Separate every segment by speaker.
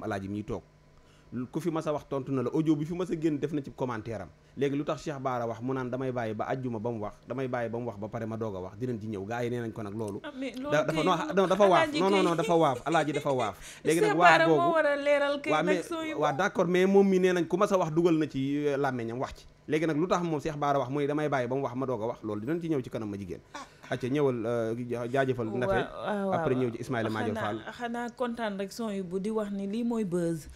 Speaker 1: moom alaaji mi toog ku fi mas a wax tontu na la audio bi fi mas a génn def na ci commentaire am léegi lu tax Cheikh Baara wax mu naan damay bàyyi ba ajjuma ba mu wax damay bàyyi ba mu wax ba pare ma doog a wax dinañ ci ñëw gaa yi nee nañ ko nag loolu ah, dafa non dafa waaf non non non dafa waaf alaaji dafa waaf léegi nag waa boobu
Speaker 2: waaw mais
Speaker 1: waaw d'accord mais moom mi nee nañ ku mas a wax dugal na ci euh, làmmeñam wax ci léegi nag lu tax moom Cheikh Bara wax mu damay bàyyi ba mu wax ma doog a wax loolu dinañ ci ñëw ci kanam ma jigéen acca ah. ñëwal euh, jaajëfal Naté après ñëw ci Ismaïla Madior Fall
Speaker 2: xanaa kontaan rek son yu bu di wax ni lii mooy buzz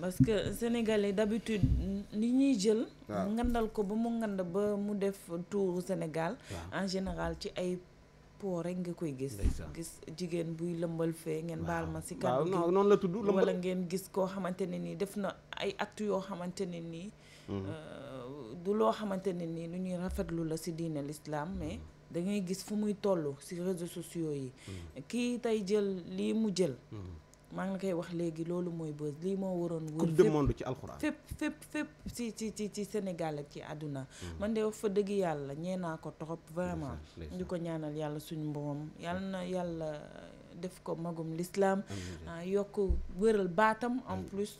Speaker 2: parce que sénégalais d'habitude li ñuy jël ngandal ko ba mu ngand ba mu def tour Sénégal en général ci ay po rek nga koy gis gis jigéen buy lëmbal fee ngeen baal ma si kan noonu la tudd wala ngeen gis koo xamante ne nii def na ay actes yoo xamante ne nii mm-hmm. euh, du loo xamante ne nii lu ñuy rafetlu la ci diine lislaam mais da ngay gis fu muy toll ci réseaux sociaux yi. Mm. kii tey jël lii mu jël. Mm. maa ngi koy wax léegi loolu mooy bët lii moo waroon. wër coupe du monde ci alxuraan fépp fépp fépp ci ci ci ci Sénégal ci àdduna. Mm. man de wax fa dëgg yàlla ñee naa ko trop vraiment. di ko ñaanal yàlla suñu mboom yàlla na yàlla def ko magum l'islam. Ah, yokk wëral baatam en plus.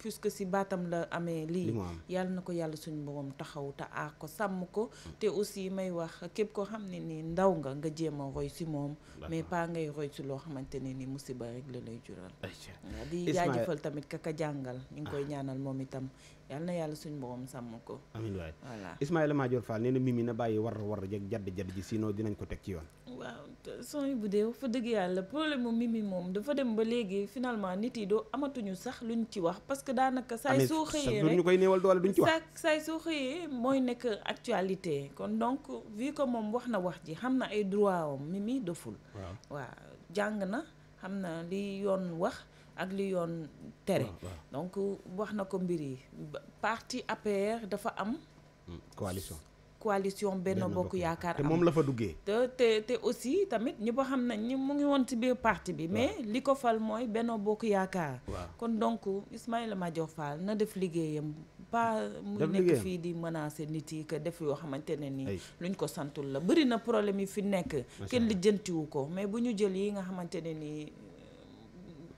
Speaker 2: puisque si baatam la amee lii yàlla na ko yàlla suñu borom taxaw te aar ko sàmm ko mm. te aussi may wax képp koo xam ne nii ndaw nga nga jéem a roy si moom mais paa ngay roy si loo xamante ne ni musiba rek la lay jural waa di jaajëfal tamit kaka jàngal ñu ngi koy ah. ñaanal moom itam yàlla na yàlla suñ borom sàmm ko amiin waay voilà
Speaker 1: Ismaïla Madior Fall nee na Mimi na bàyyi war war jeg jadd jadd ji sinon dinañ ko teg ci yoon
Speaker 2: waaw son yi bu dee fa dëgg yàlla problème mu Mimi moom dafa dem ba léegi finalement nit yi doo amatuñu sax ñu ci wax parce que daanaka. saay soo xëyee ñu koy
Speaker 1: néewal doole duñ ci wax.
Speaker 2: saay soo xëyee mooy nekk actualité kon donc vu que moom wax na wax ji xam na ay droit am Mimi doful. waaw waaw jàng na xam na li yoon wax. ak li yoon tere donc wax na ko mbir yi parti APR dafa am
Speaker 1: hmm, coalition
Speaker 2: coalition Benno Bokk Yaakaar am te moom la fa duggee. te te te aussi tamit ñi ba xam na ni mu ngi woon ci biir parti bi. mais li ko fal mooy Benno Bokk Yaakaar. kon donc Ismaïla Madior Fall na def liggéeyam. pas mu nekk fii di menacer nit yi que def yoo xamante ne nii. luñ ko santul la bëri na problème yi fi nekk. kenn lijjantiwu ko mais bu ñu jël yi nga xamante ne nii.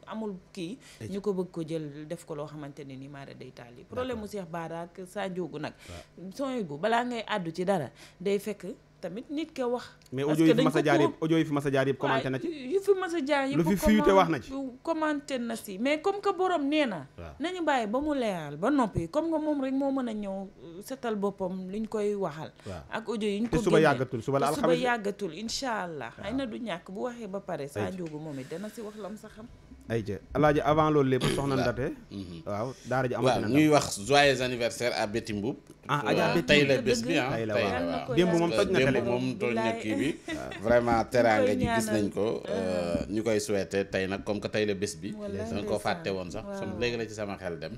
Speaker 2: amul kii ñu ko bëgg ko jël def ko loo xamante ne ni maara day taal yi problème mu Cheikh Bara ak Sa nag sony bu balaa ngay àddu ci dara day fekk tamit nit ke wax mais audio yi fi mas jaar yëpp
Speaker 1: audio yi fi mas a jaar yëpp na
Speaker 2: ci mas a jaar yëpp lu fi fiyute wax na ci commenté na si mais comme que borom nee na nañu bàyyi ba mu leeral ba noppi comme nga moom rek moo mën a ñëw euh, setal boppam ñu koy waxal ak audio yi ñu ko suba yàggatul suba la alxames yàggatul incha allah na du ñàkk bu waxee ba pare Sa Ndiogou moom it dana si wax lam sa xam
Speaker 1: ay jë alaaji avant loolu lépp soxna Ndate.
Speaker 3: Mhm. waaw daara ji amati na ñuy wax joyeux anniversaire à Betty Mbuub. ah tey la bés bi ah tey démb moom toj na télé bi kii bi. vraiment teraanga ji gis nañ ko. Euh, ñu koy souhaité tey nag comme que tey la bés bi. danga ko fàtte woon sax sama léegi la ci sama xel dem.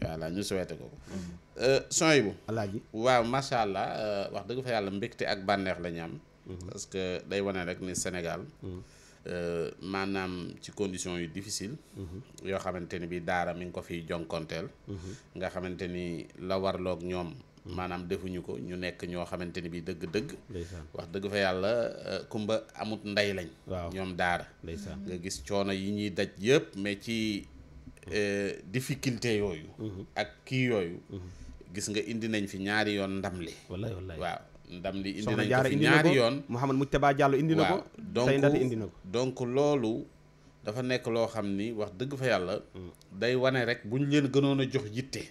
Speaker 3: voilà ñu souhaité ko. Mhm. Euh, sooy bu. alaaji waaw macha allah euh, wax dëgg fa yàlla mbégte ak bànneex la ñu am. Mhm. que day wone rek ni Sénégal. Euh, maanaam ci conditions yu difficile mhm. yoo xamante ni bi daara mi ngi ko fiy jonkonteel mhm. nga xamante ni la warloog ñoom mhm. maanaam defuñu ko ñu nekk ñoo xamante ni bi dëgg-dëgg wax dëgg fa yàlla euh, kumba amut ndey lañ ñoom daara nga gis coono yi ñuy daj yëpp mais ci euh, difficulté yooyu ak kii yooyu gis nga indi nañ fi ñaari yoon ndam li waaw ndam li indi nañ ko ñaari yoon
Speaker 1: Mouhamed Moujtaba Diallo indi jàll ko donc tey ndati indi na
Speaker 3: ko donc loolu dafa nekk loo xam ni wax dëgg fa yàlla day wane rek bu ñu leen gënoon a jox yitte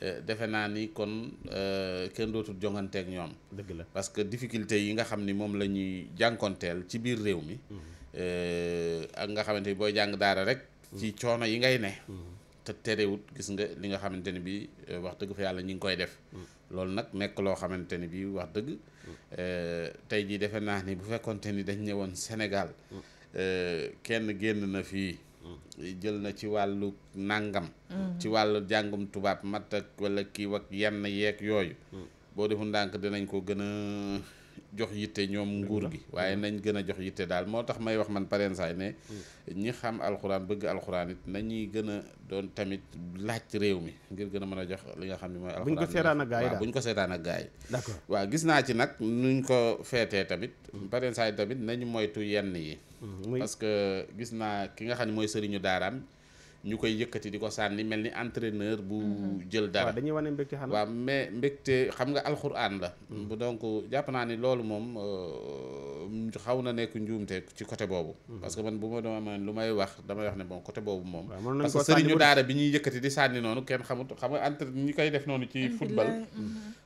Speaker 3: eh, defe naa ni kon eh, kenn dootul jonganteeg ñoom dëgg la parce que difficulté yi nga xam ni moom la ñuy jànkonteel ci biir réew mi eh, ak nga xamante ni booy jàng daara rek ci coono yi ngay ne te terewut gis nga li nga xamante ni bi wax dëgg fa yàlla ñi ngi koy def loolu nag nekk loo xamante ni bii wax dëgg euh, tey jii defe naa ni bu fekkonte ni dañ woon senegal mm. euh, kenn génn na fii mm. jël na ci wàllu nàngam mm. ci wàllu jàngum tubaab matt ak wala kii ak yenn yeeg yooyu boo defu ndànk dinañ ko gën a jox yitte ñoom nguur gi waaye nañ gën a jox yitte daal moo tax may wax man pareen saay ne mm. ñi xam alxuraan bëgg alxuraan it nañuy gën a doon tamit laaj réew mi ngir gën a mën a jox li nga xam ne mooy alxuraan buñ ko seetaan ak gaay buñ ko seetaan ak gaay waa gis naa ci nag nuñ ko feetee tamit mm. pareen tamit nañu moytu yenn yi mm, parce que gis naa ki nga xam ne mooy sëriñu daaraam ñu koy yëkkati di ko sànni mel ni entraîneur bu mhm. jël dara dañuy wane mbégte xanaa waaw mais mbégte xam nga alxuraan la mhm. bu donc jàpp naa ni loolu moom euh, xaw na nekk njuumte ci côté boobu mhm. parce que man bu ma dama lu may wax damay wax ne bon côté boobu moom parce que sëriñu daara bi ñuy yëkkati di sànni noonu kenn xamut xam nga entre ñi koy def noonu ci football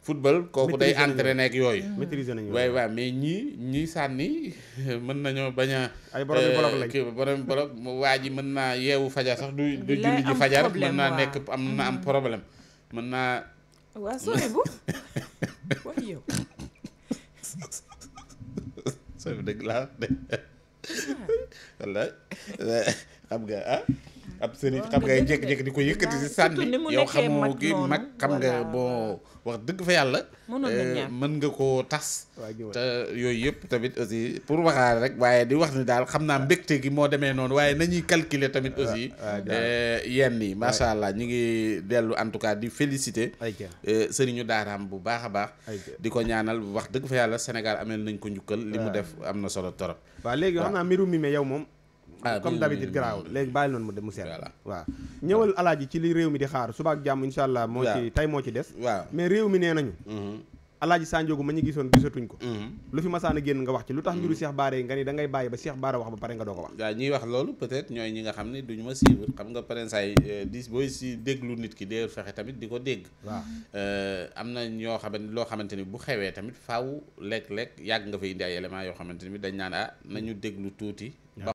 Speaker 3: football kooku day entraîné ak yooyu maîtriser nañu waaye waa mais ñii ñii sànni mën nañoo bañ a ay borom bloc euh, waa ji mën naa yeewu faja sax du du julli fajar mën naa nekk am na am mm-hmm. problème mën naa
Speaker 2: waa sooy bu waaye ah.
Speaker 3: xam nga ah ab sëriñ xam nga jékki-jékki di ko yëkkati si sànni yow xamoo kii mag xam nga boo wax dëgg fa yàlla eh, mën nga ko tas te yooyu yëpp tamit aussi pour waxaale rek waaye di wax ni daal xam naa mbégte gi moo demee noonu waaye nañuy calculer tamit aussi eh, yenn yi macha allah ñu ngi dellu en tout cas di féliciter eh, sëriñu daaraam bu baax a baax di ko ñaanal wax dëgg fa yàlla Sénégal amel nañ ko njukkal li mu def am na solo trop
Speaker 1: waaw léegi xam naa mbiru mi yow moom Ah, comme d'habitude garaawul léegi bàyyi noonu mu dem mu seet waaw ñëwal alaaji ci li réew mi di xaar suba ak jàmm insha allah moo ci tey moo ci des waaw mais réew mi nee nañu mm-hmm. alaaji sanjoogu ma ñu gisoon gisatuñ ko mm-hmm. lu fi masaan a génn nga wax ci lu tax mbiru baare mm-hmm. Bara nga ni da ngay bàyyi ba Cheikh a wax ba pare nga doo ko wax
Speaker 3: waaw ñuy wax loolu peut-être ñooy ñi nga xam ne duñu ma suivre xam nga parensaay euh, di booy si déglu nit ki dee fexe tamit di ko dégg waaw euh, am na ñoo xamante loo xamante ni bu xewee tamit faaw lekk-lekk yàgg nga fay indi yoo xamante ni dañ naan ah nañu déglu tuuti